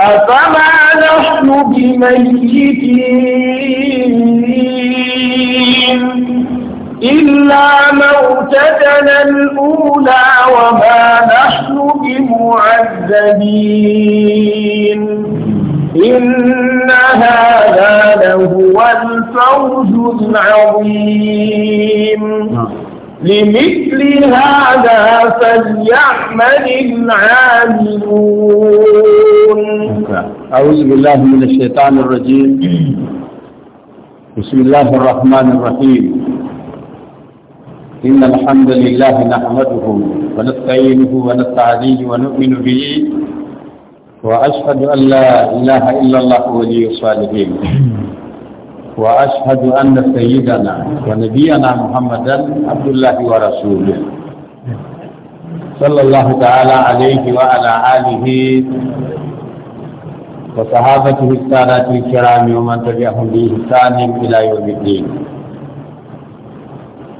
أفما نحن بميتين إلا موتتنا الأولى وما نحن بمعذبين إن هذا لهو الفوز العظيم نعم. لمثل هذا فليعمل العاملون أعوذ بالله من الشيطان الرجيم بسم الله الرحمن الرحيم إن الحمد لله نحمده ونستعينه ونستعذيه ونؤمن به وأشهد أن لا إله إلا الله ولي الصالحين وأشهد أن سيدنا ونبينا محمدا عبد الله ورسوله صلى الله تعالى عليه وعلى آله وصحابته السادات الكرام ومن تبعهم بإحسان إلى يوم الدين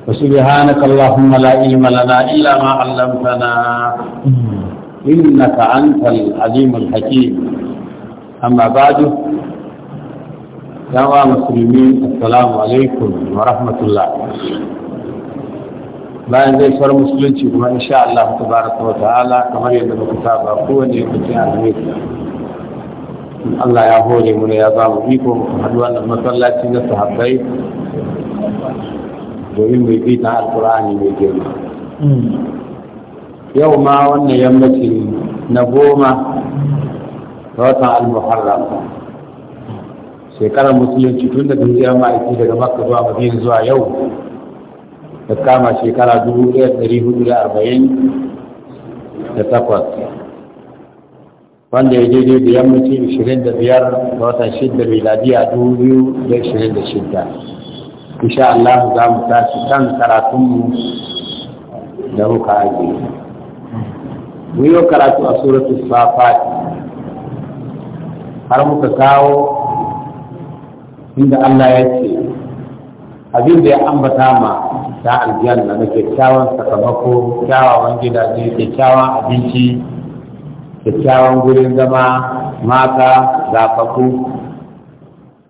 وسبحانك اللهم لا علم لنا إلا ما علمتنا إنك أنت العليم الحكيم أما بعد yawa musulmi assalamu alaikum wa rahmatullah bayan zai fara musulunci kuma insha Allah tabaraka wa ta'ala kamar yadda muka saba kowane mutum alhamis Allah ya hore mu ya ba mu iko mu haɗu wannan masallaci na sahabbai domin mai bi na alkur'ani mai girma hmm. yau ma wannan yammacin na goma ga watan al-muharram shekarar musulunci tun daga hijirar ma'aiki daga maka zuwa madina zuwa yau da kama shekara dubu hudu da arba'in da takwas wanda ya daidai da yammaci 25 da biyar da watan shidda miladiya dubu biyu da ashirin da shidda insha Allah za mu tashi kan karatunmu da muka ajiye mu yi karatu a suratul safat har muka kawo inda Allah ya ce abin da ya ambata ma ta aljanna na kyakkyawan sakamako kyawawan gidaje kyakkyawan abinci kyakkyawan gurin zama mata zafafu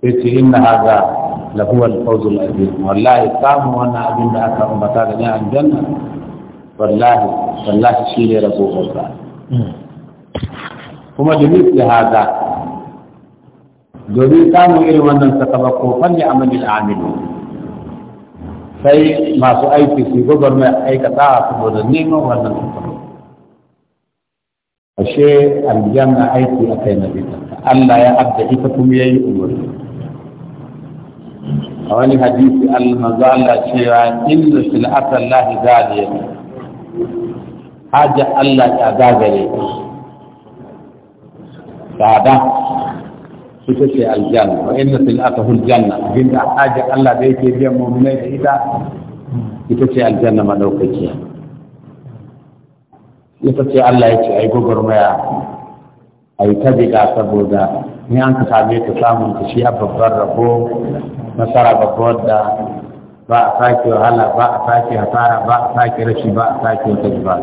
ya ce inna haza la huwa al-fawz azim wallahi samu wannan abin da aka ambata da ni aljanna wallahi wallahi shine rabo babba hmm. kuma da haza domin samun irin wannan sakamako fanni amalin amini sai masu aiki su gwagwarmar aikata saboda neman wannan sakamako ashe aljanna aiki a kai na bita Allah ya abda ita kuma ya yi umarni a wani hadisi almanzu Allah cewa inna fil asallahi zaliya haja Allah ta zagare ta tsada ita ce aljanna wa inna fil atahul janna binda haja Allah da yake biyan mu'minai da ita ita ce aljanna madaukakiya ita ce Allah ya ce ai gwagwarmaya ai ta diga saboda ni an ka same ta samun ta shi a babbar rabo nasara babbar da ba a sake wahala ba a sake hasara ba a sake rashi ba a sake wata ba.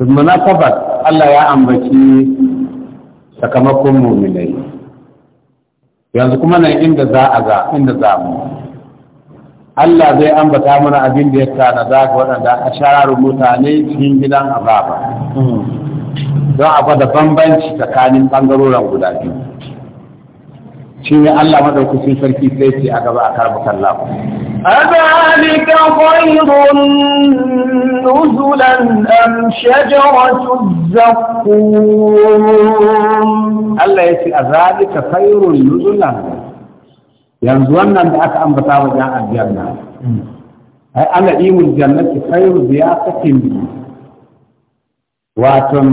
Tumma hmm. na tabbas Allah ya ambaci sakamakon muminai yanzu kuma nan inda za a ga inda za mu Allah zai ambata mana abin da ya tana za ga waɗanda a shararu mutane cikin gidan azaba hmm. don a da bambanci tsakanin ɓangarorin guda biyu شيء الله Allah كسي sarki sai أقبع a gaba a أذلك خير نزلا أم شجرة الزقوم الله يسي أذلك خير نزلا ينزلنا بأك أكأم بطاوة جاء الجنة أنا إيم الجنة خير ضيافة واتم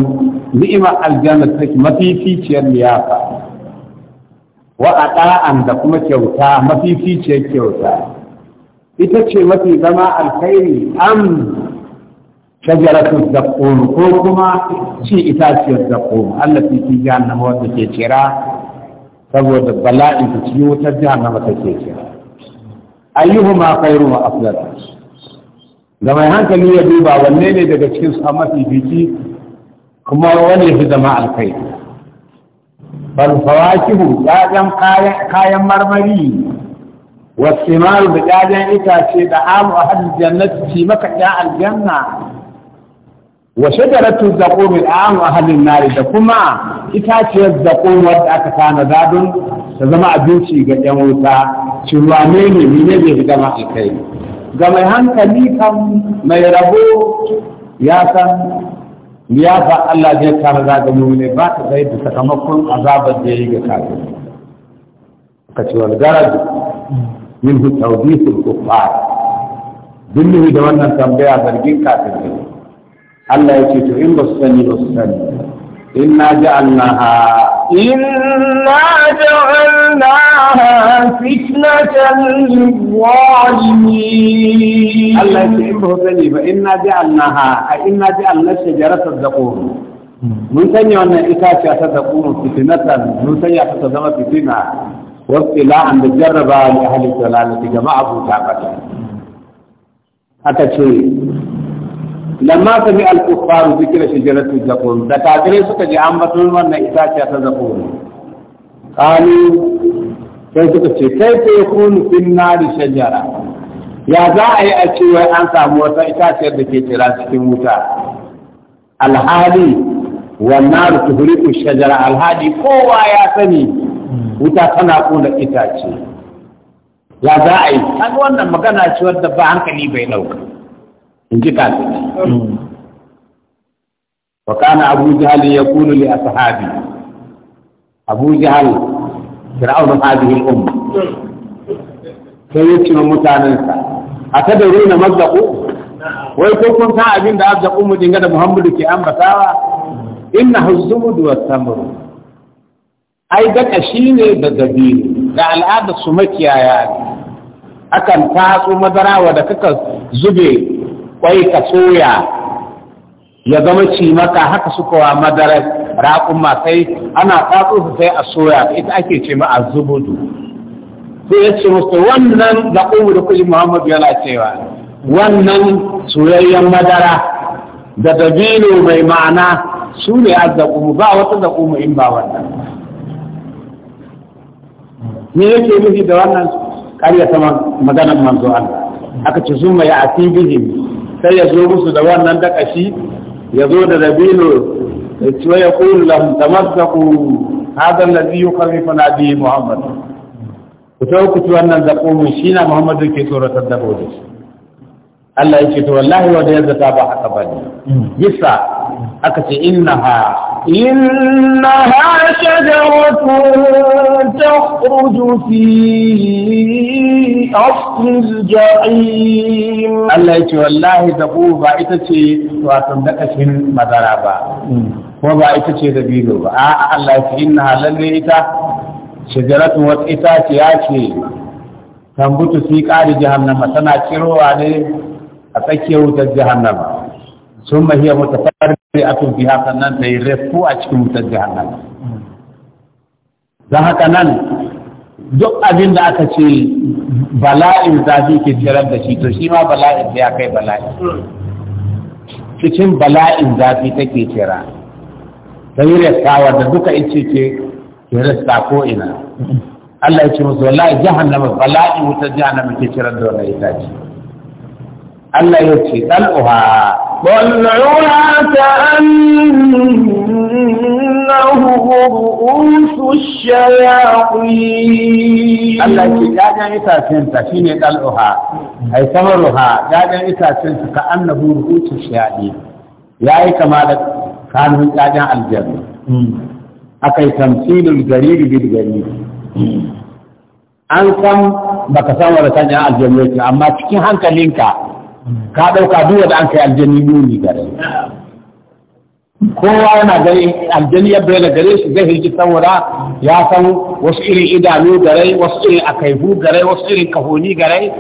نعمة الجنة تك متيتي تشير ضيافة wa ata'an da kuma kyauta mafificiyar kyauta ita ce mafi zama alkhairi am shajaratu zaqqum ko kuma ci itaciyar zaqqum Allah fi fi jahannama wanda ke kira saboda bala'in ta ci wutar jahannama take kira ayyuhuma khairu wa afdal da mai hankali ya duba wanne ne daga cikin su mafi fici kuma wani ya fi zama alkhairi bal fawakihu ya'yan kayan marmari wasimaru da ya'yan itace da amu a hadin jannati ci maka ya aljanna wa shajaratu zaqum amu a hadin nari da kuma itaciyar zaqum wadda aka tanada don ta zama abinci ga yan wuta ci ruwa ne ne ne ne da gama ga mai hankali kan mai rabo ya san ya fa Allah zai tara za ga ne ba ta sai da sakamakon azabar da yayi ga kafi ka ce wal garad min hu tawdith al kuffar ne da wannan tambaya zargin kafir Allah ya ce to in ba su sani ba su sani inna ja'alnaha إنا جعلناها فتنة للظالمين الله يسلم به سني فإنا جعلناها إنا جعلنا الشجرة الزقوم mun sanya wannan itaciya ta zaƙumu fitinatan mun sanya ta ta zama fitina wasu la'an da jarraba ne ahli dalalati jama'a buta kasa aka ce lamma sami al-kuffaru zikra shajaratu zakum da kafirai suka ji an batun wannan itaciya ta zakum qalu sai suka ce kai ta yakunu fin nari shajara ya za a yi a cewa an samu wata itaciyar da ke tsira cikin wuta alhali wannan tuhriku shajara alhali kowa ya sani wuta tana kona itace ya za a yi an wannan magana ce wadda ba hankali bai dauka in ji kafin wa kana abu jahal ya kunu li ashabi abu jahal fir'aun hadhihi al-umma sai yace wa mutanansa atadruna mazdaqu wai ko kun ta abin da abda ummu dinga da muhammadu ke ambatawa inna huzumudu wa samru ai da kashi ne da dabino da al'ada su makiyaya akan tatsu madara wa da kaka zube kwai ka soya ya zama cimaka haka suka wa madarar raƙumma sai ana tsatso su sai a soya ita ake ce ma a zubudu sai ya ce musu wannan da ƙungu da kujin muhammadu yana cewa wannan soyayyen madara da dabino mai ma'ana su ne a zaƙumu ba wata zaƙumu in ba wannan ne yake nufi da wannan ƙarya ta maganar manzo Allah aka ce sun ya a tibihim sai ya zo musu da wannan dakashi ya zo da rabilu ya ci wa yaqulu lahum tamassaku hadha alladhi yukhawifuna biyu muhammad ku ci wannan zakumin shi na muhammadu ke tsoratar da bodi Allah ya ce to wallahi da ya zata ba haka ne bisa aka ce innaha innaha shajaratun takhruju fi asfil ja'im Allah ya ce wallahi ku ba ita ce wato da kashin madara ba ko ba ita ce da bilo ba a'a Allah ya ce innaha lalle ita shajaratun wata ita ce ya ce tambutu fi qari jahannama tana kirwa ne a tsakiyar wutar jahannama sun mahiya mutafarri'atun biha sannan ta yi refu a cikin wutar jahannama don haka nan duk abin da aka ce bala'in zafi ke jirar da shi to shi ma bala'in da ya kai bala'in cikin bala'in zafi take kira ta yi rastawa da duka ice ke ke rasta ko ina Allah ya ce musu wallahi jahannama bala'i wuta jahannama ke kirar da wannan itace Allah ya ce ɗal'uha. Ɗal'uha ta annahu ru'usu shayaƙi. Allah ce ‘ya'yan itacensa shi ne ɗal'uha, ai samaruha ‘ya'yan itacensa ka annahu ru'usu shayaƙi. Ya yi kama da kanun ‘ya'yan aljanna. Aka yi tamsilin gari da gari. An san baka san wani kan ‘yan aljanna amma cikin hankalinka ka ɗauka duk wanda an kai aljani muni gare kowa yana gare aljani ya bayyana gare shi zai hirgi saboda ya san wasu irin idanu gare wasu irin akaihu gare wasu irin kahoni gare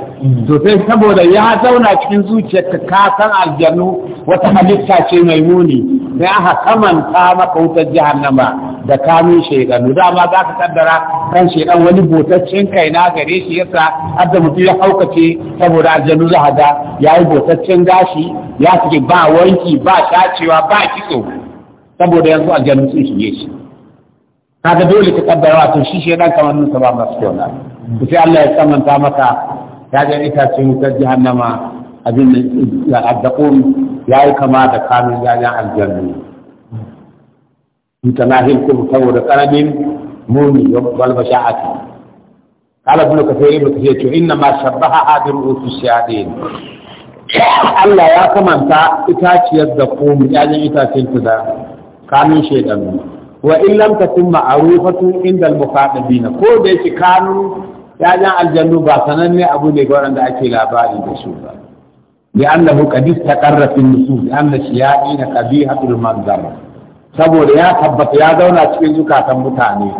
to sai saboda ya zauna cikin zuciyarka ka san aljannu wata halitta ce mai muni sai aka kamanta maka wutar jahannama da kamun shaidanu dama za ka kaddara kan shaidan wani botaccen kai na gare shi yasa da mutum ya haukace saboda aljanu za ga ya yi botaccen gashi ya suke ba wanki ba shacewa ba kitso saboda yanzu aljanu sun shige shi kaga dole ka kaddara wato shi shaidan kamar nan ba masu kyau na sai Allah ya samanta maka ya ga itacen wutar jahannama abin da ya yayi kama da kamun yayan aljanna mutanahilkum saboda karamin muni wal basha'ati قال ابن كثير ابن كثير إنما شبهها برؤوس الشياطين Allah ya kamanta itaciyar da komi ‘ya'yan itacen da kanun shaidannu, wa in lam takun ma'arufatun inda al-muqaddabina ko da yake kanun ‘ya'yan aljannu ba sananne abu ne ga wanda ake labari da su ba. Li annahu qad istaqarra fi nusus anna shiya'i na qabihatul manzara. saboda ya tabbata ya zauna cikin zukatan mutane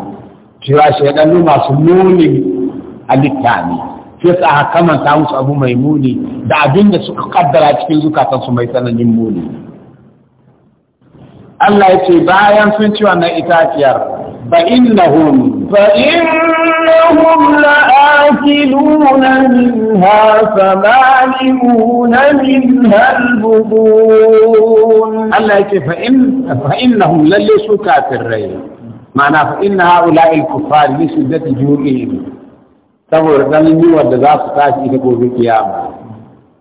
cewa shaidanu masu munin halitta ne sai su aka kamanta musu abu mai muni da abin da suka kaddara cikin zukatan su mai tsananin muni Allah ya ce bayan sun ci wannan itaciyar فإنهم فإنهم لآكلون منها فمالئون منها البطون الله يقول فإن فإنهم لليسوا كافرين معنى فإن هؤلاء الكفار لشدة جوعهم saboda ganin yiwuwar da za su tashi ita gobe kiyama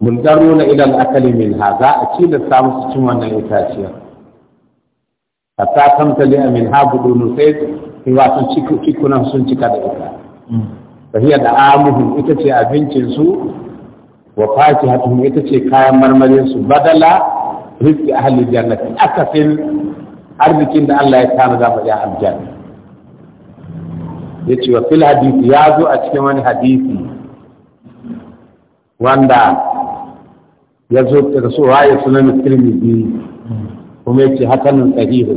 mun daruna ilal akali min ha a ci da samu cin wannan itaciyar hatta a min habudu nusayt sai wato cikunan sun cika da ita fa hiya da amuhu ita ce abincin su wa fakihatuhum ita ce kayan marmarin su badala rizqi ahli jannati akasin arzikin da Allah ya tana da ya aljanna yace wa fil hadisi ya zo a cikin wani hadisi wanda ya zo daga so ya sunan tirmidhi kuma yace hasanun sahihu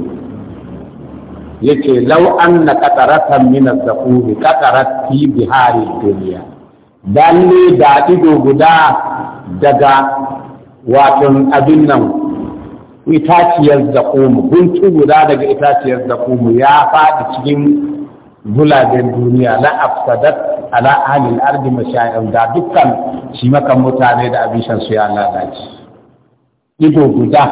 yace law anna qataratan min az-zaqum qatarat fi bihari dunya dalle da ido guda daga watan abin nan itaciyar zaqum guntu guda daga itaciyar zaqum ya faɗi cikin gulaben duniya la afsadat ala ahli al-ard da dukkan shi makan mutane da abishan su ya lalace ido guda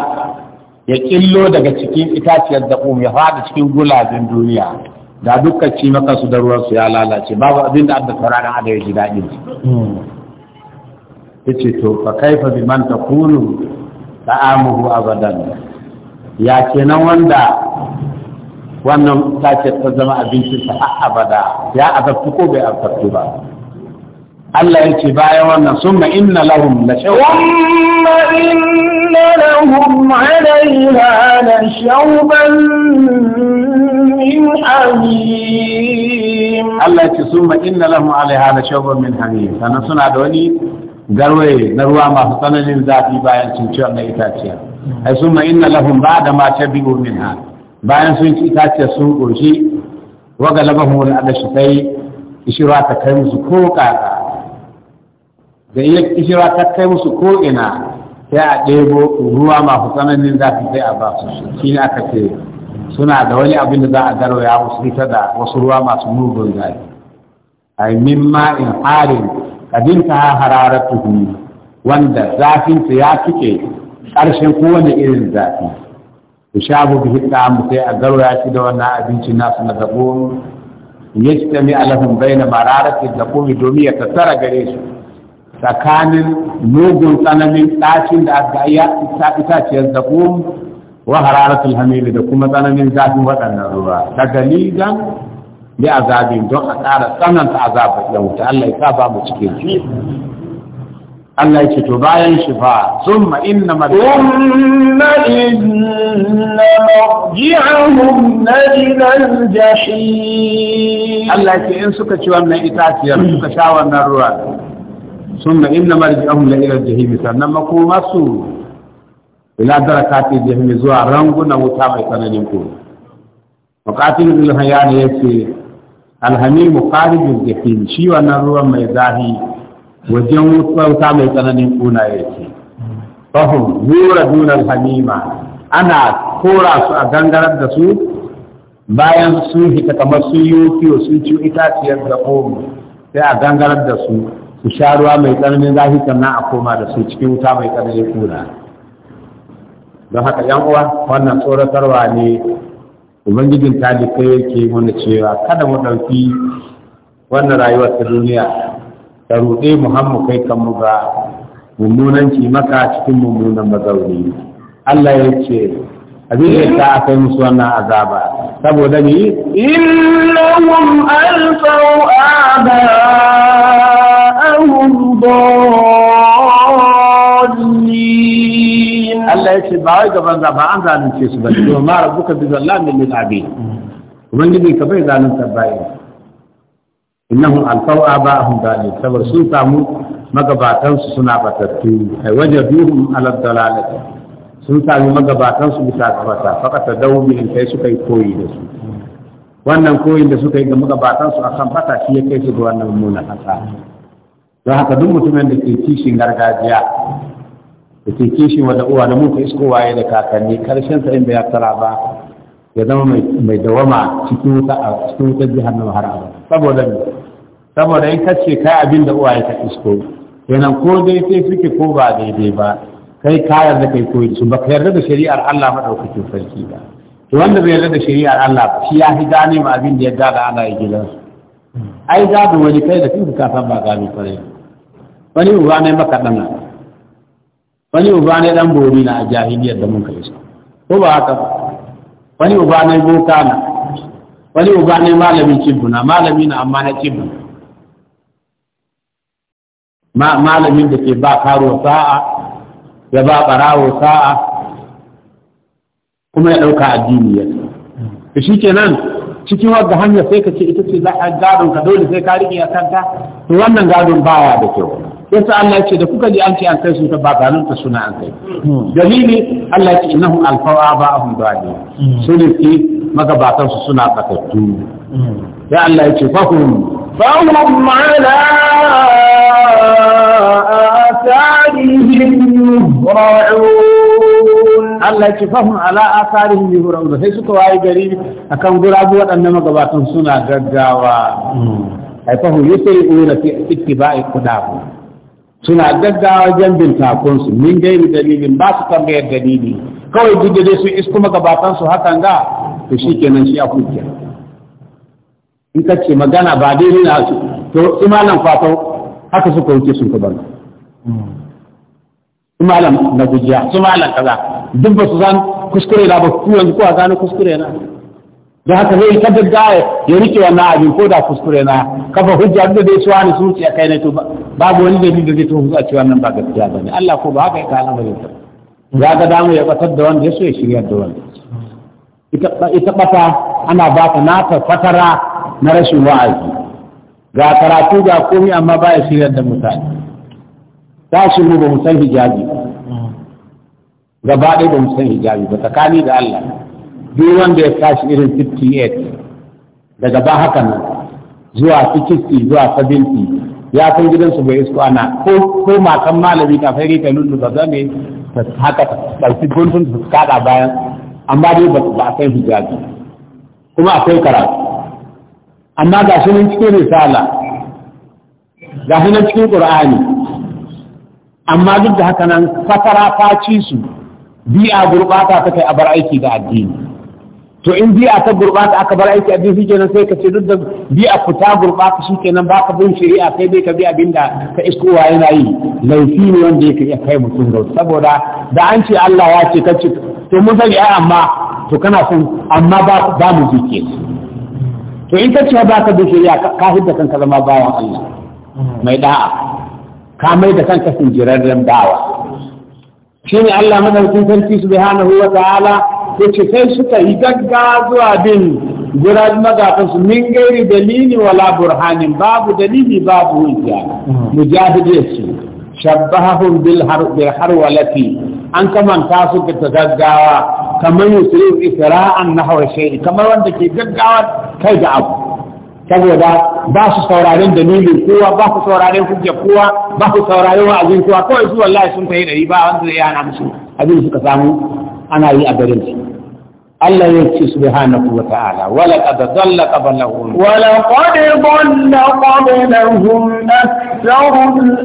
ya ƙillo daga cikin itaciyar da ya faɗi cikin gulabin duniya da dukkan ci maka su da ruwansu ya lalace babu abin da da sauraron ada ya ji daɗi ya ce to fa kaifa bi man ta kunu amuhu abadan ya nan wanda wannan ta ce ta zama abincinsa a abada ya azabtu ko bai azabtu ba Allah ya ce bayan wannan summa inna lahum la summa inna lahum alaiha la shawban min hamim Allah ya ce summa inna lahum alaiha la shawban min hamim sannan suna da wani garwaye na ruwa masu tsananin zafi bayan sun ci wannan itaciya ai summa inna lahum ba'da ma tabi'u minha bayan sun ci itaciyar sun koshi wa galabahum al-adashi sai ishira ta kai musu ko kaka da iya kishira ta kai musu ko'ina sai a ɗebo ruwa masu tsananin zafi sai a ba su shi ne aka ce suna da wani abin da za a garwaya musu ita da wasu ruwa masu mugun zafi a min ma'in harin kadin ta hararar tuhumi wanda zafinsa ya cike ƙarshen kowane irin zafi ku sha bu hidda mu sai a garwaya shi da wannan abinci nasu na zaɓo yajtami alahum bayna mararatin da kuma domin ya tattara gare su tsakanin mugun tsananin ɗacin da aka iya itaciyar zakum wa hararatul hamili da kuma tsananin zafin waɗannan ruwa ta dalilan ya azabin don a ƙara tsananta azabar da wuta Allah ya sa ba mu cikin shi Allah ya ce to bayan shi fa summa inna marji'ahum inna marji'ahum najlal jahim Allah ya ce in suka ci wannan itaciyar suka sha wannan ruwan sun na inna marji ahun la ilar jahimi sannan makoma su ila daraka ta jahimi zuwa ranguna wuta mai tsananin kuma bukatun ilhaya ne ya ce alhamir mukarib jahim shi wannan ruwan mai zafi wajen wuta mai tsananin kuna ya ce fahim yura dunar hamima ana kora su a gangarar da su bayan sun hita kamar sun yi wuki sun ci itaciyar da sai a gangarar da su ku sha ruwa mai tsananin zafi sannan a koma da su cikin wuta mai tsananin kura don haka yan uwa wannan tsoratarwa ne ubangijin ya yake mana cewa kada mu ɗauki wannan rayuwar ta duniya ta ruɗe mu har kai kanmu ga mummunanci maka cikin mummunan mazauni Allah ya ce abin da ta aka yi musu wannan azaba saboda ni innahum alfaw abaa هم ضالين الله يشهد بعيد بنا بعد ذلك يسوع بس وما ربك بظلام للعبيد ومن جدي كبير ذلك تبعين إنهم ألقوا آباءهم ذلك سبر سلطة magabatansu suna batattu ai wajaduhum ala sun sami magabatansu bisa gabata fakata dawmin kai suka yi koyi da su wannan koyin da suka yi ga magabatansu akan bata shi ya kai su ga wannan mummuna kasa don haka duk mutumin da ke kishin gargajiya da ke kishin wanda uwa da muka isko waye da kakanni karshen sa in bai yattara ba ya zama mai dawama cikin wuta a cikin wutar nan har abada saboda saboda in kace kai abin da uwaye ka isko kenan ko dai sai suke ko ba daidai ba kai ka yarda kai koyi su ba ka yarda da shari'ar Allah madaukakin sarki ba to wanda bai yarda da shari'ar Allah shi ya fi gane ma abin da ya gada ana yi gidansu ai gado wani kai da kuka ka san ba gado kwarai wani uba ne maka na wani uba ne ɗan bori na a jahiliyar da muka kai su ko ba haka ba wani uba ne boka na wani uba ne malamin cibbu na malami na amma na cibbu malamin da ke ba karo sa'a ya ba ɓarawo sa'a kuma ya ɗauka addini ya shi kenan cikin wadda hanyar sai ka ce ita ce za a gadon ka dole sai ka riƙe a kanta to wannan gadon baya da kyau yasa Allah ce da kuka ji an ce an kai su ta ba ganin ta suna an kai dalili Allah ya ce innahum alfa'a ba'ahum dali sunan ki magabatan su suna batattu ya Allah ya ce fahum fahum ala asarihim yura'un Allah ce fahum ala asarihim yura'un sai suka waye gari a kan gurabu waɗannan magabatan suna gaggawa Haifahu hmm. sai yi yusri'una fi ittiba'i qudahu suna gaggawa jan bin takunsu min gairi dalilin ba su tambayar dalili kawai duk da su is kuma gabatan su hakan ga to shikenan shi a kuke in ka ce magana ba daidai na su to imalan fatau haka suka wuce sun ka bana imalan na gujiya su malan kaza duk ba su san kuskure na ba ku yanzu ko a gane kuskure na don haka zai ta gaggawa ya rike wannan abin ko da kuskure na kafa hujja da dai suwa ne su a kai ne, to babu wani da zai to hujja cewa nan ba gaskiya bane Allah ko ba haka ya kana bane ta ya ga damu ya batar da wanda yaso ya shirya da wanda ita ita bata ana ba ta nata fatara na rashin wa'azi ga karatu ga komai amma ba ya shirya da mutane shi mu ba mu san hijabi gaba ɗaya ba mu san hijabi ba tsakani da Allah duk wanda ya tashi irin 58 daga ba haka nan zuwa 60 zuwa 70 ya san gidansu bai isko ana ko ko matan malami ta fari ta lullu ba zame ta haka ta ɗauki gunsun su kada bayan amma dai ba a kai hijabi kuma akwai karatu amma ga shi nan cikin risala ga shi nan cikin qur'ani amma duk da haka nan fatara faci su bi'a gurbata ta kai a bar aiki ga addini to in biya ta gurɓata aka bar aiki abin shikenan sai ka ce duk da biya ku ta gurɓata shikenan ba ka bin shari'a sai bai ka bi abin da ka isko wa yana yi laifi ne wanda yake iya kai mutum da saboda da an ce Allah ya ce kace to mun sani ai amma to kana son amma ba ba mu jike to in ka ce ba ka bin shari'a ka hidda kanka zama bawan Allah mai da'a ka mai da kanka jirarren bawa shine Allah madaukakin sarki subhanahu wa ta'ala ya ce sai suka yi gagga zuwa bin gurabin magafansu min gairi dalili wala burhanin babu dalili babu hujja mujahid ya ce shabbahahum bil harwalati an kamanta su ta gaggawa kamar yusuf isra'an na harshe kamar wanda ke gaggawa kai da abu saboda ba su sauraren dalilin kowa ba su sauraren hujja kowa ba su sauraren wa'azin kowa kawai su wallahi sun kai dari ba wanda zai yana musu abin suka samu ana yi a garin shi Allah ya ce subhanahu wa ta'ala wala qad dhalla qablahum wala na dhalla qablahum aktharul awwalin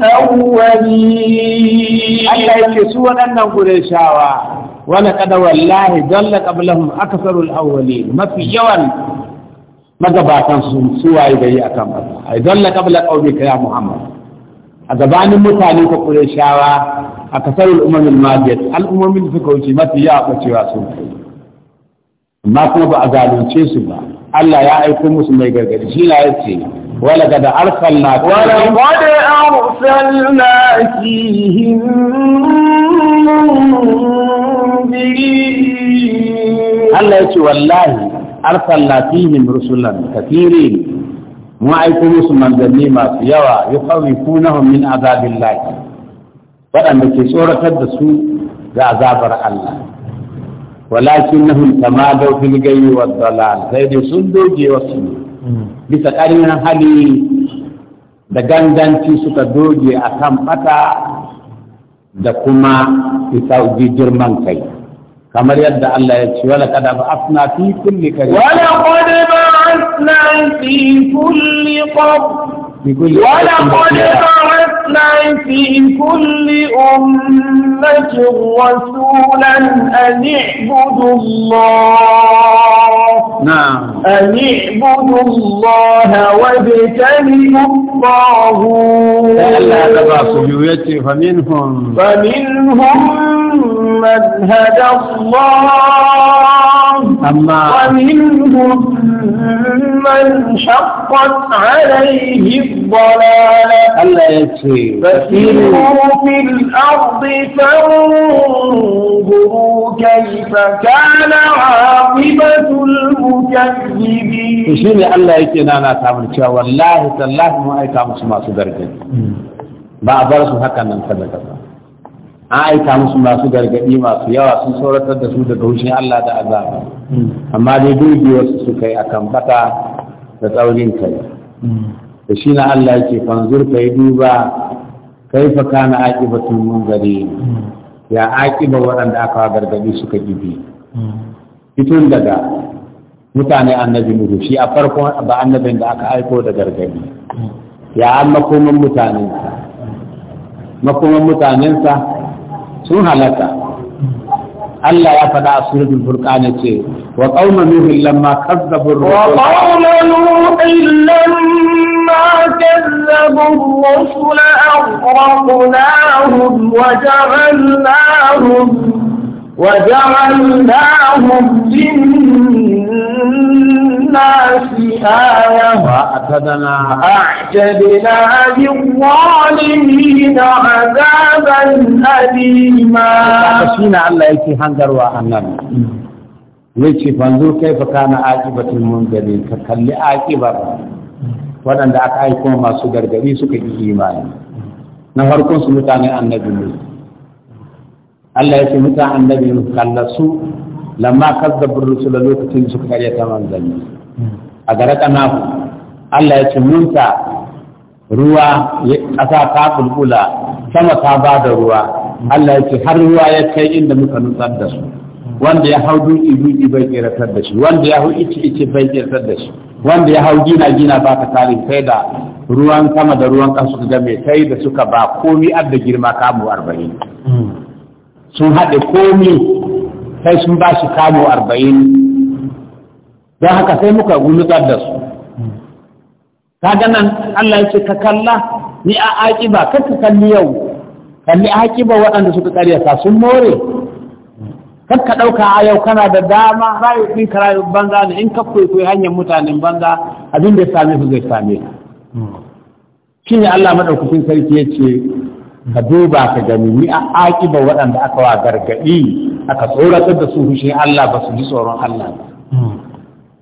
Allah ya ce su waɗannan shawa. wala qad wallahi dhalla qablahum aktharul awwalin mafi yawan magabatan su suwaye gari akan ba ai dhalla qabla qaumika ya Muhammad a gabanin mutane ko Qurayshawa a kasarul al'ummar madiyat al'ummomin da suka wuce mafi ya bacewa sun kai amma kuma ba a zalunce su ba Allah ya aiko musu mai gargadi shi na yace wala kada arsalna wala qad arsalna fihim mundirin Allah yace wallahi arsalna fihim rusulan kathirin mun aiko musu manzanni masu yawa yukhawifunahum min azabillahi waɗanda ke tsoratar da su ga azabar Allah walakinnahum hultama da gayyi wad dalal sai dai sun doge wasu bisa ƙarin hali da ganganci suka doge akan bata da kuma isa girman kai kamar yadda Allah ya ce wala kada ba asna fi kulli karim wala ba بعثنا في كل قبر ولقد بعثنا في كل أمة رسولا أن اعبدوا الله نعم أن اعبدوا الله واجتنبوا الطاغوت ألا تبع سجويته فمنهم فمنهم من هدى الله أما ومنهم من شقت عليه الضلالة ألا يكفي فسيروا في الأرض فانظروا كيف كان عاقبة المكذبين شيني ألا أنا نتعمل شاء والله تالله ما أيكا مسمى صدرك بعض رسو هكا ننفذ كذا an aika musu masu gargaɗi masu yawa sun sauratar da su daga hushin Allah da azaba hmm. amma dai wasu su suka yi akan bata da tsaurin kai hmm. da shi na Allah yake fanzur kai duba kai fa kana aqibatul munzari hmm. ya aqiba waɗanda aka gargaɗi suka gibi fitun daga mutane annabi mu shi a farkon ba annabin da aka aiko da gargaɗi ya an makoman mutanensa makoman mutanensa سون حالتا اللہ یا فدا سورت الفرقان چه وقوم نوح لما کذب الرسول وقوم نوح لما کذب الرسول اغرقناهم وجعلناهم وجعلناهم جن للناس آية وأعتدنا أعجبنا للظالمين عذابا أليما فشينا هنجر وأنم fanzo kai fa ka kalli waɗanda aka aiko masu gargadi suka yi imani na farkon su mutane annabi ne Allah ya ce mutane annabi kallasu lamma kazzabur rusula lokacin suka ta manzanni a garaka nahu Allah ya ce munta ruwa ƙasa ta bulbula sama ta ba da ruwa Allah ya ce har ruwa ya kai inda muka nutsar da su wanda ya hau duki duki bai keratar da shi wanda ya hau ice ice bai keratar da shi wanda ya hau gina gina ba ta tarin kai da ruwan sama da ruwan ƙasa suka game kai da suka ba komi adda girma kamu arba'in hmm. sun haɗe komi sai sun ba shi kamu arba'in don haka sai muka gumi da su kaga nan Allah ya ce ka kalla ni a aƙiba kar ka kalli yau kalli aƙiba waɗanda suka ƙaryata sun more kan ka ɗauka a yau kana da dama rayu ɗin ka rayu banza ne in ka kwaikwayi hanyar mutanen banza abin da ya same su zai same ka shi ne Allah maɗaukakin sarki ya ce ka duba ka gani ni a aƙiba waɗanda aka wa gargaɗi aka tsoratar da su fushin Allah ba su ji tsoron Allah ba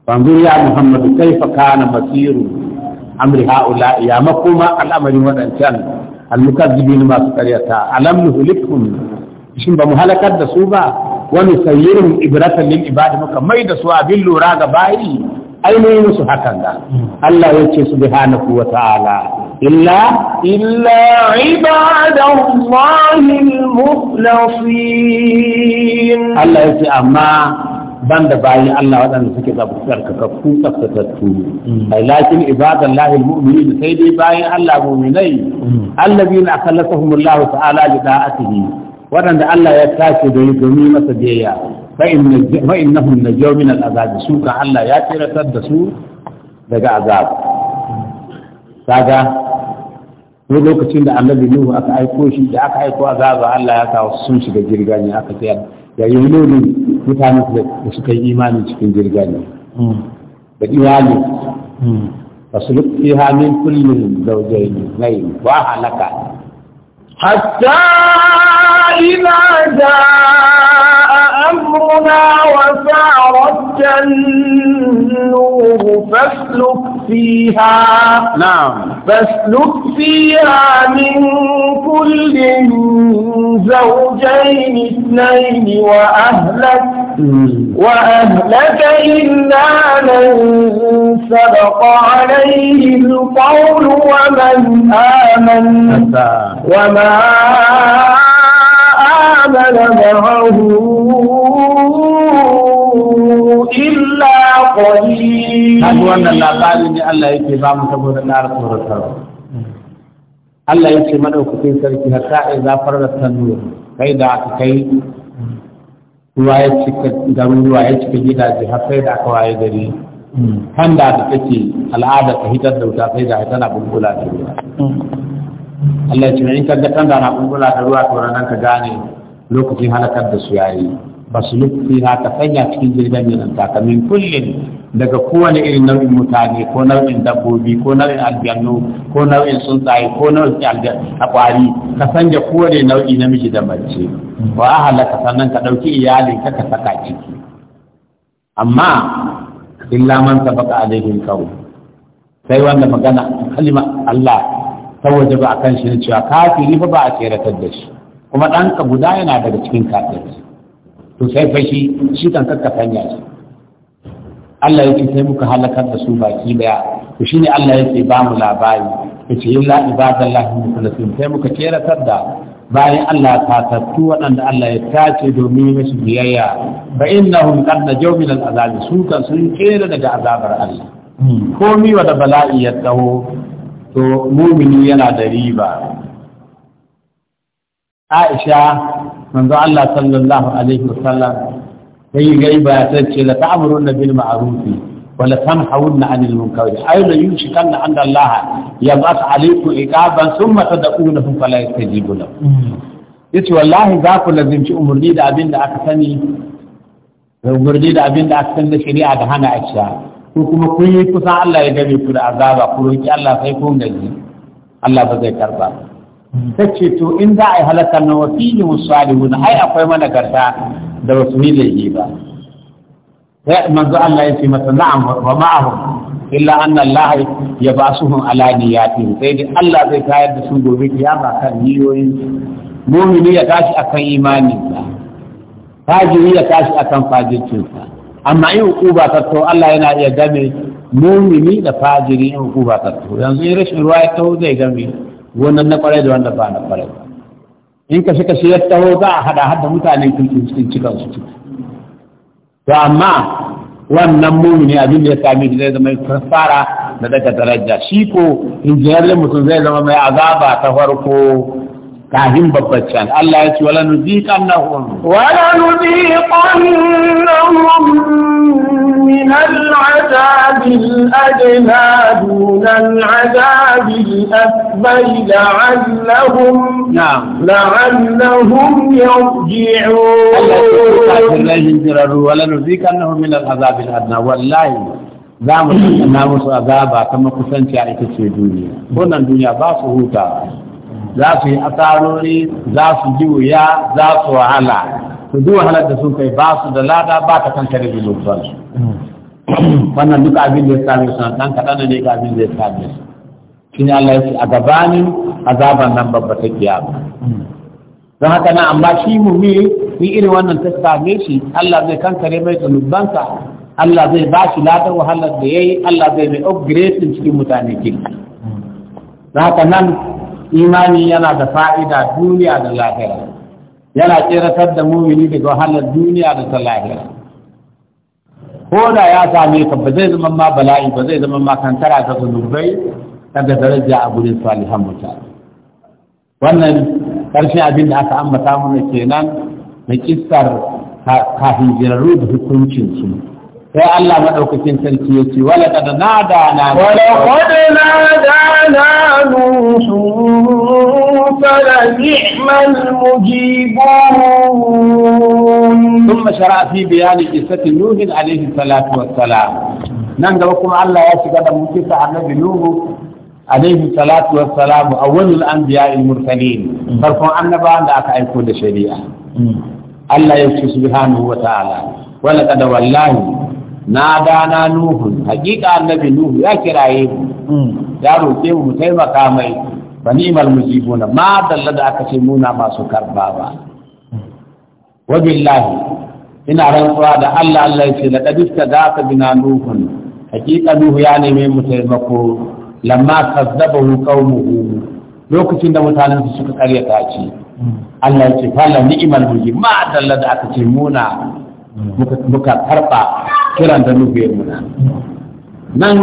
fanzur ya muhammadu kaifa kana masiru amri haula ya makoma al'amarin wadancan almukazzibin masu karyata alam nuhlikum shin ba mu halakar da su ba wani sayyirin ibratan ibada muka mai da su abin lura ga bayi ainihin musu hakan da Allah ya ce subhanahu إلا إلا عباد الله المخلصين الله يسي أما ban da bayan Allah waɗanda suke tsarkakakku tsaftatattu ai lakin ibadan lahil mu'mini da sai dai bayan Allah mu'minai Allah na kallasahum Allah ta'ala bi da'atihi waɗanda Allah ya tace da yi domin masa biyayya fa na najaw min al'azab su kan Allah ya tiratar da su daga azab kaga ko lokacin da annabi Nuhu aka aiko shi da aka aiko azaba Allah ya kawo sun shiga jirgin aka tsaya yayin lodin mutane da suka yi imani cikin jirga ne da iyali fasuluk fiha min kulli zawjayn ghayn wa halaka hatta idza jaa amruna wa sa'arat an-nur fasluk فيها نعم فاسلك فيها من كل زوجين اثنين وأهلك وأهلك إلا من سبق عليه القول ومن آمن وما آمن معه إلا قدير هذا وانا لا قال الله يكي بام تبور النار تبور Allah ya ce maɗaukakin sarki na sa'i zafar da tannuwa kai da aka kai ruwa ya cika garuruwa ya cika gidaje har sai da aka waye gari kan da aka take al'ada ka hitar da wuta sai da tana bulbula da ruwa Allah ya ce in ka ga kan da na bulbula da ruwa to nan ka gane lokacin halakar da su yayi fasuluk fiha ka sanya cikin jirgin nan taka min daga kowane irin nau'in mutane ko nau'in dabbobi ko nau'in aljannu ko nau'in tsuntsaye ko nau'in akwari ka sanya kowane nau'i na miji da mace ba a halaka sannan ka ɗauki iyalin ka ka saka ciki amma illa man sabaka alaihim kawu sai wanda magana kalima Allah ta waje ba akan shi ne cewa kafiri ba ba a tseratar da shi kuma ɗanka guda yana daga cikin kafirci to sai fashi shi kan kakkafanya shi Allah ya ce sai muka halakar da su baki daya to shine Allah ya ce ba mu labari ya ce illa ibadallahi mukhlasin sai muka keratar da bayan Allah tattu waɗanda Allah ya tace domin masu biyayya ba innahum qad najaw min al su kan sun kera daga azabar Allah komi wa da bala'i ya taho to mumini yana da riba Aisha manzo Allah sallallahu alaihi wasallam yayi gaiba ya tace la ta'muruna bil ma'ruf wa la tamhawunna 'anil munkar ay la yushikanna anna Allah yab'ath alaykum iqaban thumma tad'unahu fala yastajibu lakum yace wallahi za ku lazimci umurni da abin da aka sani da umurni da abin da aka sani shari'a da hana aisha ko kuma kun yi kusan Allah ya gane ku da azaba ku roki Allah sai kun gaji Allah ba zai karba ta ce to in za a yi halakar na wasili musalihun ai akwai mana karta da wasu yi ba ya manzo Allah ya ce mata na'am wa ma'ahum illa anna Allah ya basuhum ala niyatin sai dai Allah zai tayar da su gobe kiyama kan niyoyin mu'mini ya tashi akan imanin sa fajiri ya tashi akan fajircin sa amma in hukuba ta to Allah yana iya game mu'mini da fajiri in hukuba ta to yanzu rashin ruwa ya to zai game wannan na kwarai da wannan ba na kwarai ba in kashe kashe ya taho za a hada hada mutanen kirkin cikin cikin su ciki to amma wannan mumini abin da ya sami zai zama fara da daga daraja shi ko injiniyar mutum zai zama mai azaba ta farko kahin can Allah ya ci wala nuziqannahum wala nuziqannahum من العذاب الأدنى دون العذاب الأكبر لعلهم نعم لعلهم يرجعون لا ينجروا ولا نذيقنهم من العذاب الأدنى والله za mu tattauna musu azaba kama kusanci a ita ce duniya wannan duniya ba su huta za su yi asarori za su ji wuya za su wahala to duk wahalar da sun kai ba su da lada ba ta kanka da zunuban su wannan duka abin da ya sami su na ɗan kaɗan ne ga abin da ya sami su shi ne Allah ya ce a gabanin azaban nan babba ta kiyama don haka na amma shi mumini ni irin wannan ta same shi Allah zai kankare mai zunubansa Allah zai ba shi ladar wahalar da ya yi Allah zai mai upgrading cikin mutane kin don haka nan imani yana da fa'ida duniya da lahira yana tseratar da mumini daga wahalar duniya da ta lahira ko da ya same ka ba zai zama ma bala'i ba zai zama ma kankara ta zunubai daga daraja a gurin salihan mutane wannan ƙarshen abin da aka ambata mana kenan na kissar kafin jirarru da hukuncinsu sai Allah maɗaukakin sarki ya ce wala kada na da na wala na da na فلنعم المجيبون ثم شرع في بيان قصة نوح عليه الصلاة والسلام نعم الله يشهد موسى النبي نوح عليه الصلاة والسلام أول الأنبياء المرسلين فرفع النبى عند أكايكو الشريعة الله يكفي سبحانه وتعالى ولقد والله نادانا نوح حقيقة النبي نوح يا كرايب يا روكي متيمة كامي fa ni'mal mujibuna ma dalla da aka ce muna masu karba ba wa billahi ina rantsuwa da Allah Allah ya ce laqad ka bina nuhun hakika nuhu ya neme mu taimako lamma kazzabahu qaumuhu lokacin da mutanen su suka karyata shi Allah ya ce fala ni'mal mujib ma dalla da aka ce muna muka karba kiran da nuhu ya muna nan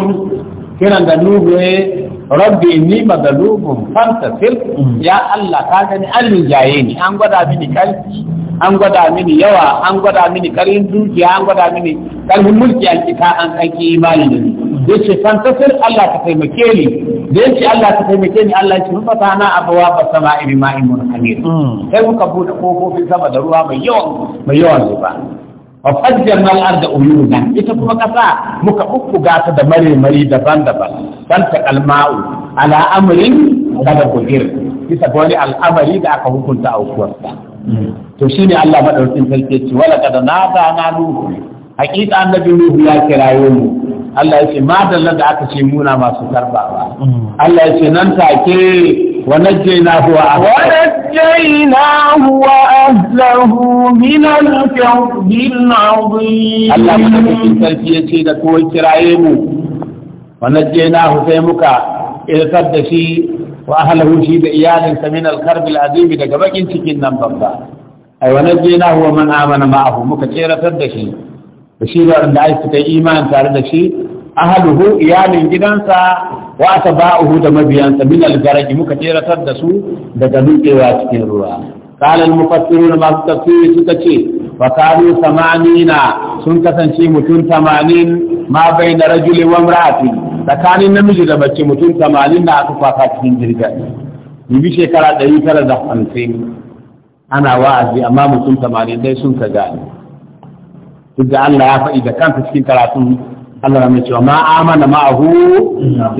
kiran da nuhu ya rabbi ni magalubun fantasir ya Allah ka gani an rinjaye ni an gwada mini karfi an gwada mini yawa an gwada mini karin dukiya an gwada mini karfin mulki an kita an kanki imani da ni yace fantasir Allah ka taimake ni da yace Allah ka taimake ni Allah ya fata na a ba sama iri ma'in mun hamir hmm. sai muka buɗe kofofin sama da ruwa mai yawan mai yawan zuba fa fajjarna al-ard uyuna ita kuma kasa muka ukkuga ta da mare daban-daban fanta kalma'u ala amrin kada kudir bisa ga wani al'amari da aka hukunta ta. to shine Allah madaukakin sarki ce wala kada na ba na nuhu hakika annabi nuhu ya kirayo mu Allah ya ce madalla da aka ce muna masu tarbawa. Mm. Allah ya ce nan take ونجيناه وأهله ونجيناه وأهله من الكرب العظيم الله مدفع تركية شيدة كوي كرايم ونجيناه سيمك إذا تبدا شيء وأهله شيء بإيال من الكرب العظيم إذا قبك انتكين نمبر أي ونجيناه ومن آمن معه مكتيرة تبدا شيء بشيء عند عيسى إيمان تارد شيء أهله إيال جدنسا wa atba'uhu da mabiyansa min al muka jeratar da su daga dukewa cikin ruwa قال المفسرون ما تفسير سكتي وكانوا ثمانين سنكسن شي متون ثمانين ما بين رجل وامرأة tsakanin namiji da mace mutum tamanin na aka kwaka cikin jirgin bibi shekara ɗari tara da ana wa'azi amma mutum tamanin dai sun ka gane da Allah ya faɗi da kanta cikin karatun Allah na cewa ma amana ma'ahu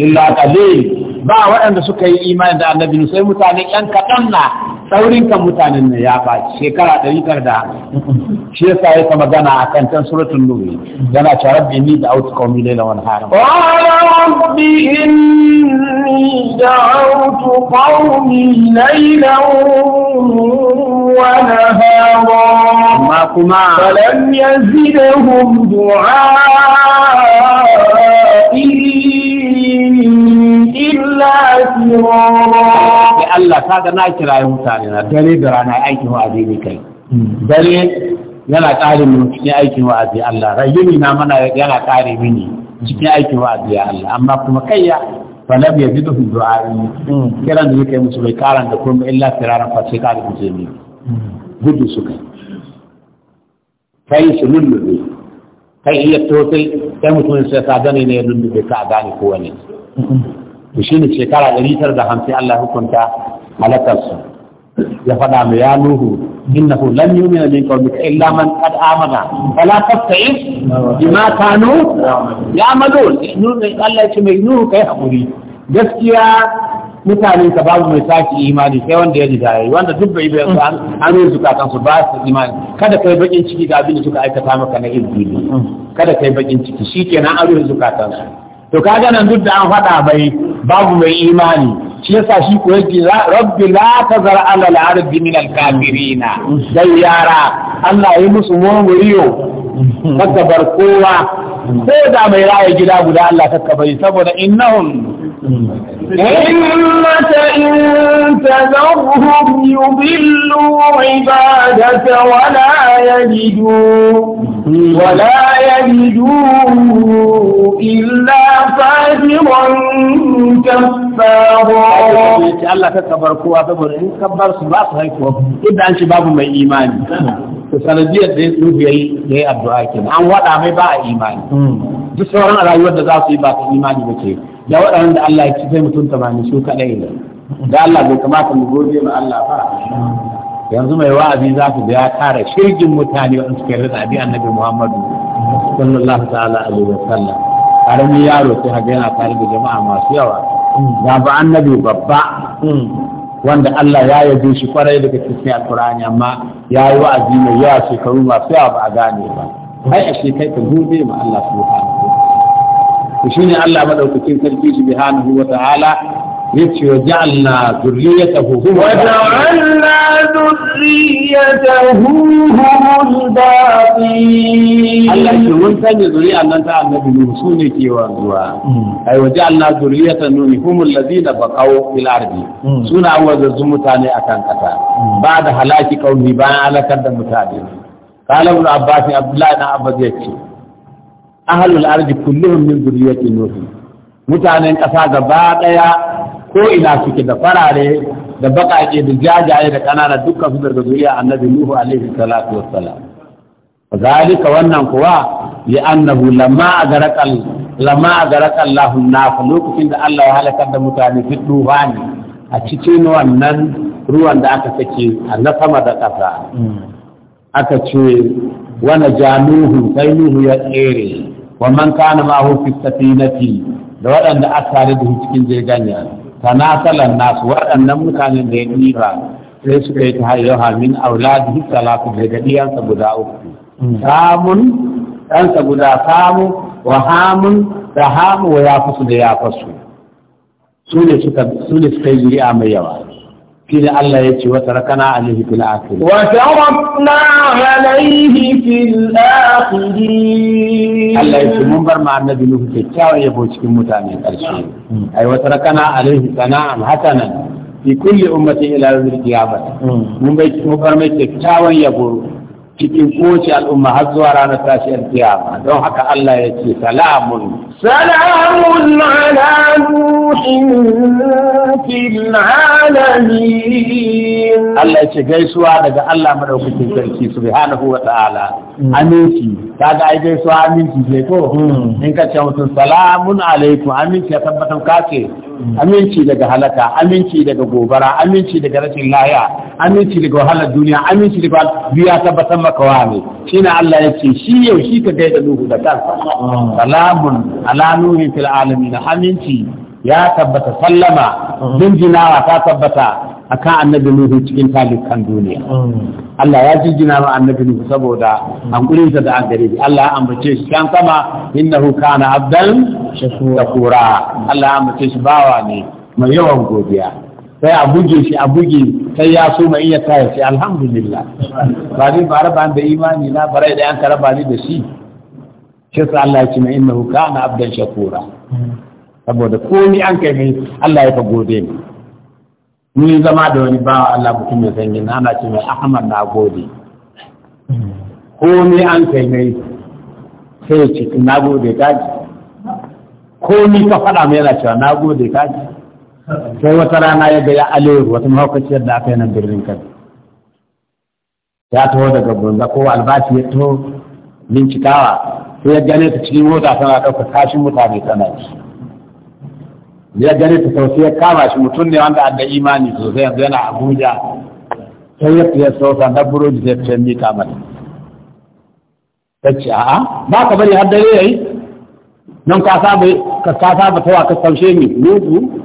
illa qalil ba waɗanda suka yi imani da annabi sai mutane ƴan kaɗan na saurin kan mutanen na ya ba shekara ɗari tara da shi ya yasa magana a kan can suratun nuri yana ce rabbi ni da autu qaumi laila wa nahara qala rabbi inni da'awtu qaumi laila wani haram. ma kuma falam yazidhum du'a ya Allah ta ga na kirayen mutane na dare da rana aikin wa'azi ne kai dare yana ƙari mini cikin aikin wa'azi Allah rayyini na mana yana ƙari mini cikin aikin wa'azi ya Allah amma kuma kai ya falam yaziduhum du'a'i kiran da yake musu bai karan da kuma illa firaran fa sai ƙare musu ne gudu su kai kai su lullube kai iya tosai kai mutum sai sa gane ne ya lullube ka gane kowane to shi ne shekara ɗari tara da hamsin Allah hukunta halakarsu ya faɗa mai ya nuhu innahu lam yu'mina min qawmika illa man qad amana fala tasta'in bima kanu ya'malun nuhu Allah ya ce mai nuhu kai hakuri gaskiya mutane ka babu mai saki imani sai wanda ya riga yayi wanda duk bai bai an yi zuka kan su ba su imani kada kai bakin ciki ga abin da suka aikata maka na izini kada kai bakin ciki shikenan an yi zuka kan su to kaga nan duk da an faɗa bai babu mai imani shi yasa shi ko yake rabbi la tazar ala al-ardi min al-kafirina dai yara Allah ya musu murmuriyo kada bar kowa ko da mai raya gida guda Allah ta kabari saboda innahum إن تذرهم يضلوا عبادك ولا يجدوا ولا يجدوا إلا فاجرا كفارا الله تكبر كوا تبر كبر سباق هيك إذا أنت باب من إيمان ما إيمان Mm. duk sauran rayuwar da za su yi ba ta imani ba ce da waɗanda Allah ya ci sai mutum mani su kaɗai ne da Allah bai kamata mu goge ma Allah ba yanzu mai wa'azi za su biya tara shirgin mutane wanda suke rasa bi annabi Muhammadu sallallahu ta'ala alaihi wa sallam karamin yaro sai haka yana tare da jama'a masu yawa ga ba annabi babba mm. wanda Allah ya yabe shi kwarai daga cikin alkur'ani amma ya yi wa'azi mai yawa shekaru masu yawa ba a gane ba kai ashe kai ka gode ma Allah subhanahu wa ta'ala to shine Allah madaukakin sarki subhanahu wa ta'ala yace wa ja'alna zurriyatahu huwa ja'alna zurriyatahu humul baqin Allah shi mun sanya zuriya nan ta annabi Nuhu sune ke wanzuwa ai wa ja'alna zurriyatan nuhi humul ladina baqaw fil ardi suna wanda mutane akan kasa ba da halaki kauni bayan alakar da mutane قال ابن عباس عبد الله بن عباس يكي أهل الأرض كلهم من ذرية نوح mutanen ƙasa gaba ɗaya ko ina suke da farare da baƙaƙe da jajaye da ƙanana dukkan su daga zuriya annabi Nuhu alaihi salatu wassalam zalika wannan kuwa li annahu lamma agaraqal lamma agaraqal lahu nafa lokacin da Allah ya halakar da mutane fi ne a cikin wannan ruwan da aka sake a na sama da ƙasa aka ce wani januhu sai nuhu ya tsere wa man kana ma hu fi safinati da waɗanda aka tare da cikin jirganya tanasalan nasu waɗannan mutanen da ya ɗiba sai suka yi ta ha min auladihi salatu daga sa guda uku mm. samun sa guda samu wa hamun da hamu wa yafusu da yafasu su ne suka yi zuri'a mai yawa shine Allah ya ce wata rakana alaihi fil akhir wa tarakna alaihi fil akhir Allah ya ce mun bar ma annabi nuhu kyakkyawan yabo cikin mutane karshe hmm. ai wata rakana alaihi sana'an hasanan fi kulli ummatin ila yawmil qiyamah mun hmm. mun bar cikin kowace al'umma har zuwa ranar tashiyar kiyama don haka Allah ya ce salamun salamun ala nuhin fil alamin Allah ya ce gaisuwa daga Allah madaukakin sarki subhanahu wa ta'ala hmm. aminci kaga ai gaisuwa aminci ce ko hmm. in ka ce mutum salamun alaikum aminci ya tabbatar ka ce aminci daga halaka aminci daga gobara aminci daga rashin laya aminci daga wahalar duniya aminci daga biya tabbatar maka wa ne shi na Allah ya ce shi yau shi ka gaida nuhu da kansa salamun ala nuhin fil alamin aminci ya tabbata sallama mm. jinjinawa ta tabbata kan annabi Nuhu cikin talikan duniya mm. Allah ya jina ma annabi Nuhu saboda hankulinsa da an gare shi Allah ya ambace shi kan sama innahu kana abdan shakura Allah ya ambace shi bawa ne mai yawan godiya sai a buge shi a buge sai ya so mai iya kaya sai alhamdulillah ba ni ba raba da imani na barai da an karaba ni da shi shi sa Allah ya ce innahu kana abdan shakura mm. saboda komai an kai mai Allah ya fa gode ni ni zama da wani bawa Allah mutum ya sanyi na ana ce mai Ahmad na gode ko ni an kai mai sai ce na gode kaji ko ni ka faɗa mai yana cewa na gode kaji sai wata rana ya gaya aliyu wata mahaukaciyar da aka yi nan birnin kan ya taho daga gonza ko albashi ya taho bincikawa sai ya gane ta cikin mota tana ɗaukar kashin mutane tana ci ya gane ta sau ya kama shi mutum ne wanda da imani sosai yanzu yana abuja sai ya fiye sosa na burodi zai fiye mika mata ta ce a'a ba ka bari har dare yayi nan ka saba ka ka saba tawa ka saushe ni lugu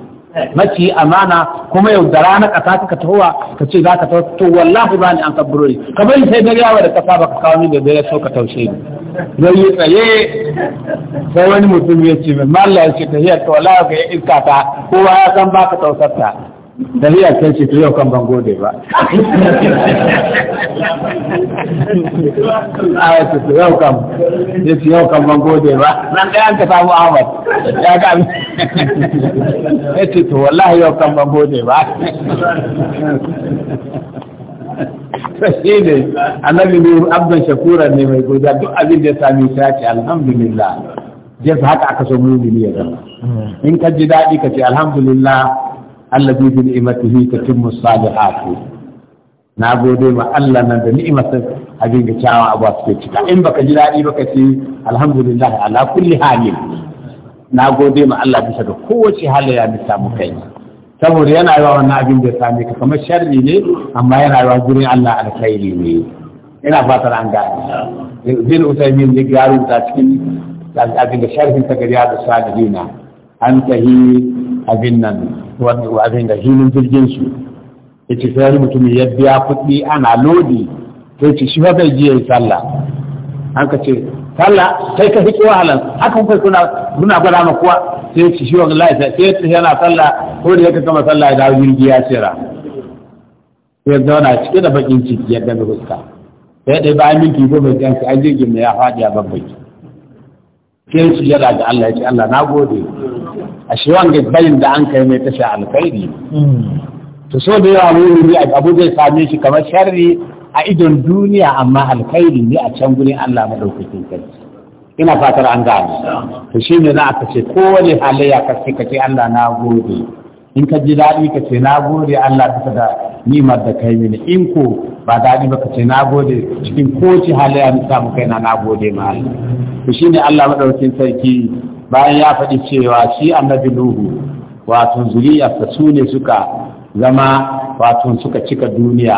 maci amana kuma yau da rana ka saka ka tawa ka ce za ka tawa to wallahi ba ni an ka burodi ka bari sai dare yawa da ka saba ka kawo ni da dare so ka taushe ni zai yi tsaye sai wani mutum ya ce mai mallaya ce ta hiyar ta wala ga ya iska ta kowa ya san baka tausar ta da hiyar ta ce yau kan ban gode ba a ya ce yau kan ya ce yau kan ban gode ba nan ɗaya ka samu ahmad ya ga ya ce to wallahi yau kan ban gode ba sai ne annabi ne abdan shakura ne mai godiya duk abin da ya sami ta ce alhamdulillah jefa haka aka so mumini ya zama hmm. in ka ji daɗi ka ce alhamdulillah allazi bi ni'matihi tatimmu salihati na gode ma Allah nan da ni'imata abin da cewa abu suke cika in baka ji daɗi baka ce alhamdulillah ala kulli halin na gode ma Allah bisa ga kowace halayya da samu kai saboda yana yawa wannan abin da ya same ka kamar sharri ne amma yana yawa gurin Allah alkhairi ne ina fatar an gane zin usaimin ne gyaru ta cikin abin da sharhin ta gari da salihina an yi abin nan abin da hilin jirgin su yace sai mutum ya biya kuɗi ana lodi sai ce shi fa bai je sallah an ka ce sallah sai ka hiki wahalan haka kuka kuna kuna gwada ma kuwa sai ci shi wallahi sai sai yana sallah ko da yake kama sallah dawo jirgi ya tsira sai zauna cike da bakin ciki ya gami fuska sai dai bayan minti goma sai an an jirgin ya faɗi a babbaki sai ci yada ga Allah ya ce Allah na gode a shi wani bayin da an kai mai tashi alkhairi to so da yawa wuri abu zai same shi kamar sharri a idon duniya amma alkhairi ne a can gurin Allah madaukakin kanci ina fatar an gane to shi ne na aka ce kowane halayya ka ce ka ce Allah na gode in ka ji daɗi ka ce na gode Allah bisa da nimar da kai mini in ko ba daɗi ba ka ce na gode cikin kowace halayya na samu kai na na gode ma to shi ne Allah madaukin sarki bayan ya faɗi cewa shi annabi Nuhu wato zuriya su ne suka zama wato suka cika duniya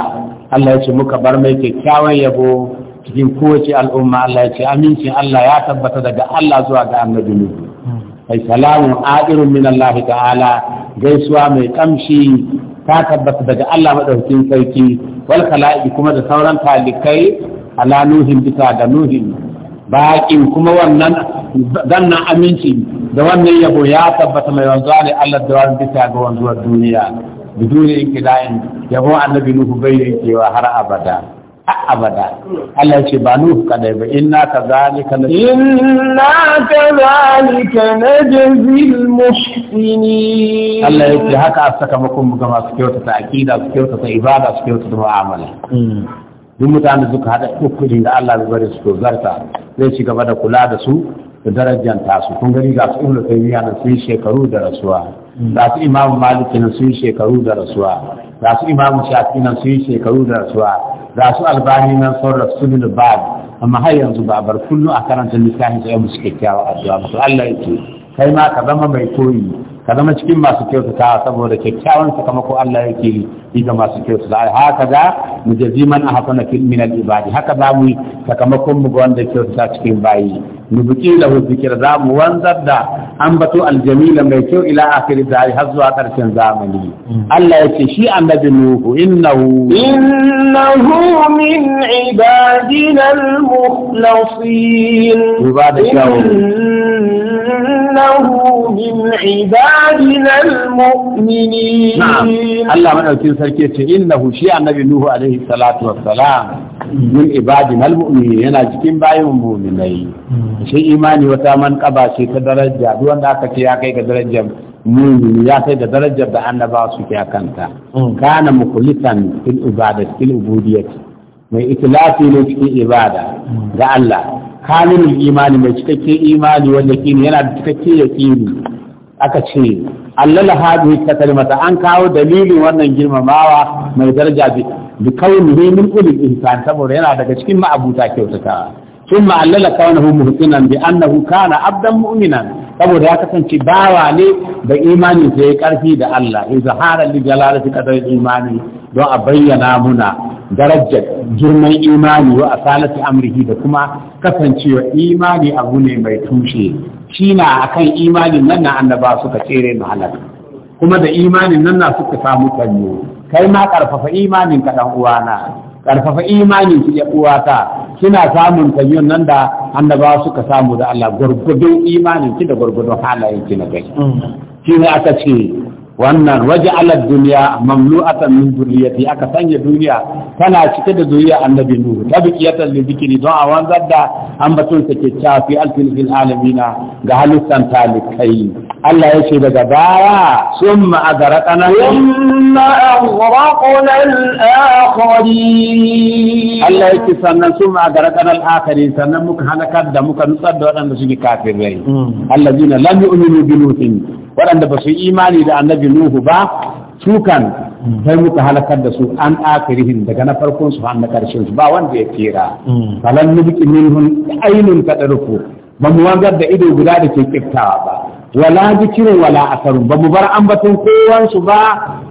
Allah ya ce muka bar mai kyakkyawan yabo cikin kowace al'umma Allah ya ce amincin Allah ya tabbata daga Allah zuwa ga annabi nuhu. ai salamu adirun min Allah ta'ala gaisuwa mai kamshi ta tabbata daga Allah madaukakin sarki wal khala'i kuma da sauran talikai ala nuhin bisa ga nuhin baƙin kuma wannan dannan aminci da wannan yabo ya tabbata mai wanzuwa ne Allah da wani bisa ga wanzuwar duniya biduni in kidayin yabo annabi nuhu bai yankewa har abada abada Allah ce ba nuhu kadai ba inna kadhalika inna kadhalika najzil muhsinin Allah ya ce haka sakamakon ga masu kyautata aqida su kyautata ibada su ta mu'amala hmm. duk mutanen suka hada kuɗi da Allah ya bari su zarta zai ci gaba da kula da su da darajanta su kun gani ga su ibnu taymiya na sun shekaru da rasuwa hmm. ga su imamu malik na sun shekaru da rasuwa ga su imamu shafi nan sun yi shekaru da rasuwa ga su albani nan sun rasu ne ba amma har yanzu ba bar kullu a karanta littafin sai musu kyakkyawa addu'a musu Allah yake kai ma ka zama mai koyi ka zama cikin masu kyautatawa saboda kyakkyawan sakamako Allah yake yi ga masu kyautata haka za mu jaziman ahsana min al ibadi haka za mu yi sakamakon mu ga wanda kyautata cikin bayi nubuki lahu zikira za mu wanzar da ambato aljamila mai kyau ila akhir zari har zuwa karshen zamani Allah ya ce shi annabi nuhu innahu innahu min ibadina almukhlasin innahu min ibadina almu'minin Allah madaukin sarki ce innahu shi annabi nuhu alaihi salatu wassalam min ibadin al-mu'minin yana cikin bayin mu'minai shi imani wata man kaba ce ta daraja duk wanda aka ce ya kai ga darajar mu'mini ya kai ga darajar da annaba su ke kanta kana mukhlisan fil ibadat fil ubudiyyah mai ikhlasi ne cikin ibada ga Allah kamilul imani mai cikakken imani wanda kini yana da cikakken yaqini aka ce Allah la ta kalimata an kawo dalilin wannan girmamawa mai daraja bisa bi ne min ulil insan saboda yana daga cikin ma'abuta kyautata sun ma'allala kaunahu muhsinan bi annahu kana abdan mu'minan saboda ya kasance bawa ne da imani sai ya karfi da Allah zahara li jalalati qadari imani don a bayyana muna darajar girman imani wa asalati amrihi da kuma kasancewa imani abu ne mai tushe shi na akan imanin nan na annaba suka tsere mahalaka kuma da imanin nan na suka samu kanyo kai ma ƙarfafa imanin ka ɗan uwana ƙarfafa imanin ki ya uwata kina samun kanyon nan da annabawa suka samu da Allah gurgudun imanin ki da gurgudun halayen ki na kai mm. shi ne aka ce wannan waje alad duniya mamlu'atan min zurriyati aka sanya duniya tana cike da zuriya annabi nuhu tabqiyatan li zikri don a wanzar da ambaton sa ke tafi alfil fil alamina ga halittan talikai Allah ya ce daga baya summa agarqana summa aghraqna al-akhirin Allah ya ce sannan summa agarqana al-akhirin sannan muka halakar da muka nutsar da waɗanda suke kafirai hmm. allazina lam yu'minu bi nuhin waɗanda ba su yi imani da annabi Nuhu ba tukan bai muka halakar da su an akirihin daga na farkon su har na su ba wanda ya kera hmm. falan nubqi minhum ainun tadruku ba mu wangar da ido guda da ke kiftawa ba wala zikirin wala asarun ba mu bar ambaton kowansu ba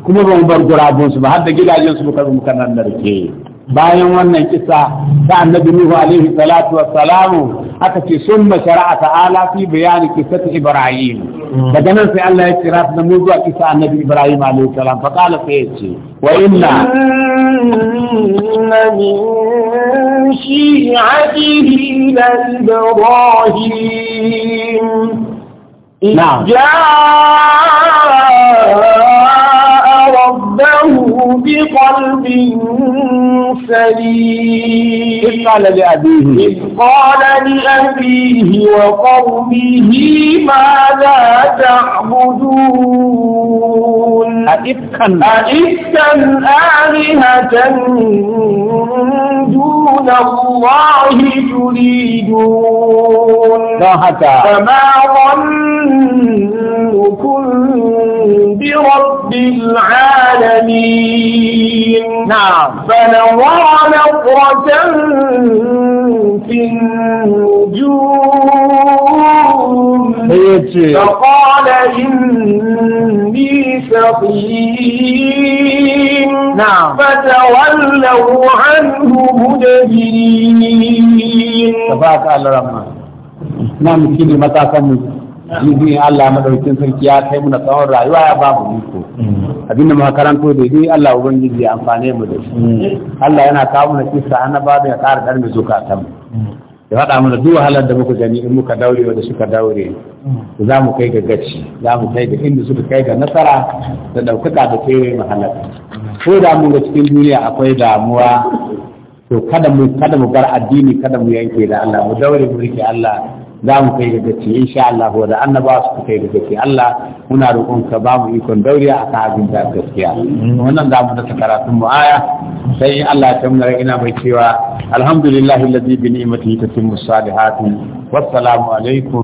kuma ba mu bar gurabun ba har da gidajen su muka muka nan narke bayan wannan kisa da annabi Nuhu alaihi salatu wassalamu aka ce summa shari'a ta'ala fi bayani kisati Ibrahim daga nan sai Allah ya kira da mu zuwa kisa annabi Ibrahim alaihi salam fa qala sai ya ce wa inna min shi'atihi la Ibrahim نعم جاء ربه بقلب سليم إذ قال لأبيه إذ قال لأبيه وقومه ماذا تعبدون أئفكا أئفكا آلهة دون الله تريدون فما ظنكم برب العالمين نعم فنظر نظرة في النجوم فقال إني سقيم نعم فتولوا عنه مدبرين تبارك الله الرحمن نعم كيني متى كمي jibin Allah madaukin sarki ya kai muna tsawon rayuwa ya ba mu iko abin da makaranto da dai Allah ubangiji ya amfane mu da shi mm. Allah yana kawo mana kisa annaba da ya ƙara darme zukatan mu da faɗa mana duk wahalar da muka gani in muka daure wa da suka daure za mu kai ga gaci za mu kai ga inda suka kai ga nasara da ɗaukaka da tsere mu mahalar ko da mun ga cikin duniya akwai damuwa to kada mu kada mu bar addini kada mu yanke da Allah mu daure mu rike Allah za mu kai ga gaci insha Allah da annaba su kai ga gaci Allah muna roƙon ka ba mu ikon dauriya a abin da gaskiya wannan za mu dasa karatun mu aya sai Allah ya tamna ina mai cewa alhamdulillahi alladhi bi ni'matihi tatimmu salihatu wassalamu alaikum